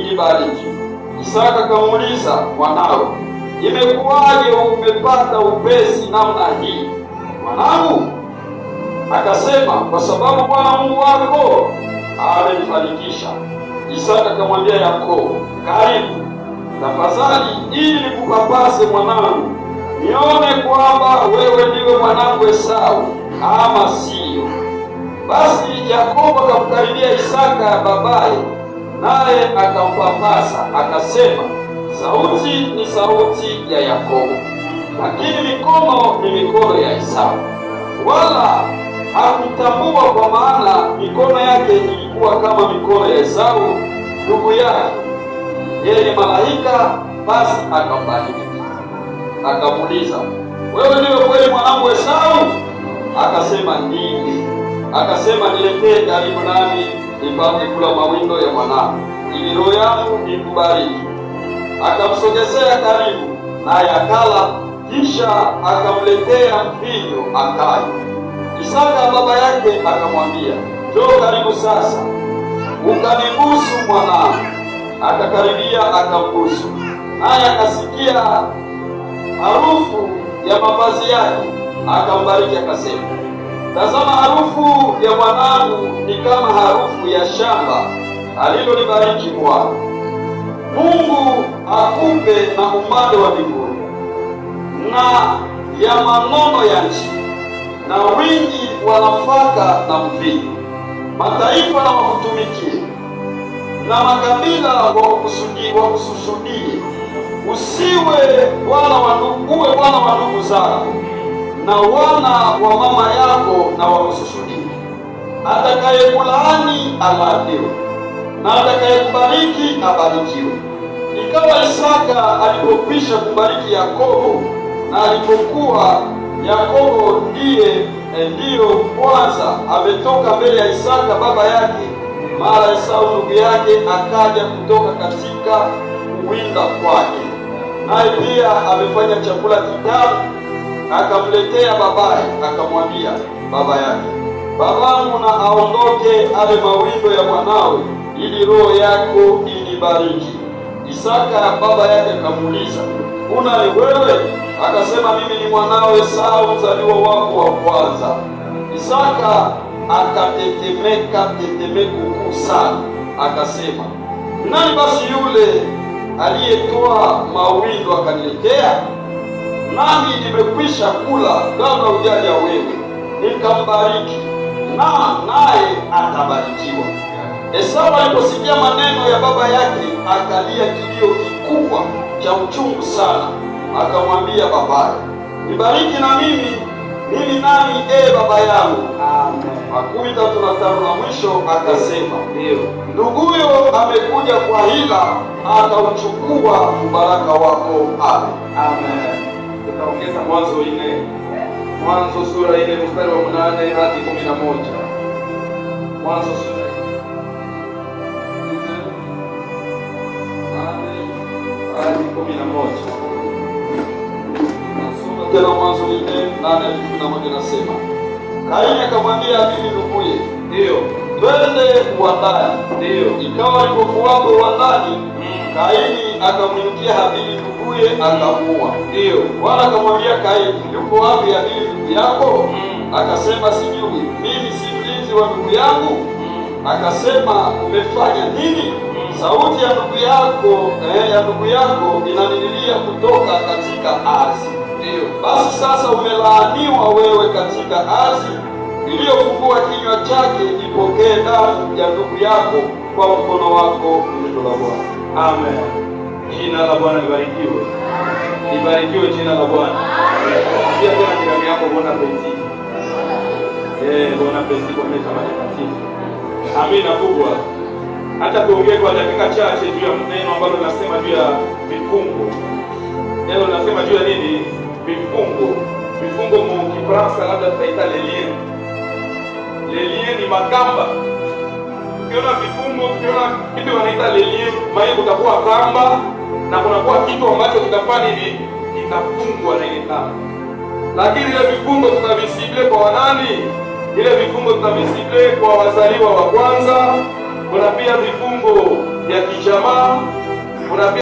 ilibariki. Isaka akamuuliza mwanawe, imekuwaje umepata upesi namna hii mwanangu? Akasema, kwa sababu Bwana Mungu wako amenifanikisha. Isaka akamwambia Yakobo, karibu tafadhali, ili nikupapase mwanangu, nione kwamba wewe ndiwe mwanangu Esau ama siyo. Basi Yakobo akamkaribia Isaka babaye naye akampapasa akasema, sauti ni sauti ya Yakobo, lakini mikono ni mikono ya Esau. Wala hakutambua kwa maana mikono yake ilikuwa kama mikono ya Esau ndugu yake. Yeye malaika basi akambariki, akamuuliza, wewe ndiwe kweli mwanangu Esau? Akasema, ndiye akasema, niletee karibu nami nipate kula mawindo ya mwanangu, ili roho yangu ikubariki. Akamsogezea karibu, naye akala. Kisha akamletea mvinyo akanywa. Isaka baba yake akamwambia, njoo karibu sasa, ukanibusu mwanangu. Akakaribia akambusu, naye akasikia harufu ya mavazi yake, akambariki akasema Tazama, harufu ya mwanangu ni kama harufu ya shamba alilolibariki Bwana Mungu, akupe na umande wa mbinguni na ya manono ya nchi na wingi wa nafaka na mvinyo. Mataifa na wakutumikie na makabila wakukusudie, wakususudie. Usiwe wala wandugu, uwe wala wa ndugu zako na wana wa mama yako na wakusujudie. Atakayekulaani alaaniwe, na atakayekubariki abarikiwe. Ikawa Isaka alipokwisha kubariki Yakobo na alipokuwa Yakobo ndiye eh, ndiyo kwanza ametoka mbele ya Isaka baba yake, mara Esau ndugu yake akaja kutoka katika kuwinda kwake, naye pia amefanya chakula kitamu akamletea babaye, akamwambia baba yake, babangu, na aondoke ale mawindo ya mwanawe, ili roho yako inibariki. Isaka baba yake akamuuliza, una wewe? Akasema, mimi ni mwanawe Esau, mzaliwa wako wa kwanza. Isaka akatetemeka tetemeko kuu sana, akasema, nani basi yule aliyetoa mawindo akaniletea? nami nimekwisha kula kama ujaja wewe, nikambariki na naye atabarikiwa. Esau aliposikia maneno ya baba yake, akalia kilio kikubwa cha uchungu sana, akamwambia babaye, nibariki na mimi mimi nani ee baba yangu. makumi tatu na tano na mwisho akasema, nduguyo amekuja kwa hila, atauchukua mbaraka wako. Amen. Amen. kukaongeza Mwanzo nne Mwanzo sura ile mstari wa mnane hadi kumi na moja Mwanzo sura hadi kumi na moja Nasoma tena Mwanzo nne nane hadi kumi na moja nasema, Kaini akamwambia Abili nduguye, ndiyo, twende uwandani. Ndiyo, ikawa alipokuwapo uwandani, Kaini akamwinukia Habili nduguye akamuua. ndio Bwana akamwambia Kaini, yuko wapi Habili ndugu yako? Mm. Akasema sijui, mimi si mlinzi wa ndugu yangu? Mm. Akasema umefanya nini? Mm. Sauti ya ndugu yako eh, ya ndugu yako inanililia kutoka katika ardhi. Ndio basi sasa umelaaniwa wewe katika ardhi iliyofungua kinywa chake, ipokee damu ya ndugu yako kwa mkono wako. Neno la Bwana. Amen. Jina la Bwana libarikiwe, libarikiwe jina la Bwana. Pia tena kiramu yako Bwana pesi eh, Bwana pesi kwa mesa matakatifu. Amina kubwa. Hata tuongee kwa dakika chache juu ya neno ambalo nasema juu ya vifungo. Neno nasema juu ya nini? Vifungo. Vifungo mu Kifaransa labda tutaita le lien. Le lien ni makamba. Ukiona vifungo, ukiona kitu wanaita le lien, maana kutakuwa kamba na kunakuwa kitu ambacho kitafanya hivi kitafungwa na ile kamba, lakini ile vifungo tutavisible kwa wanani? Ile vifungo tutavisible kwa wazaliwa wa kwanza. Kuna pia vifungo vya kijamaa, kuna pia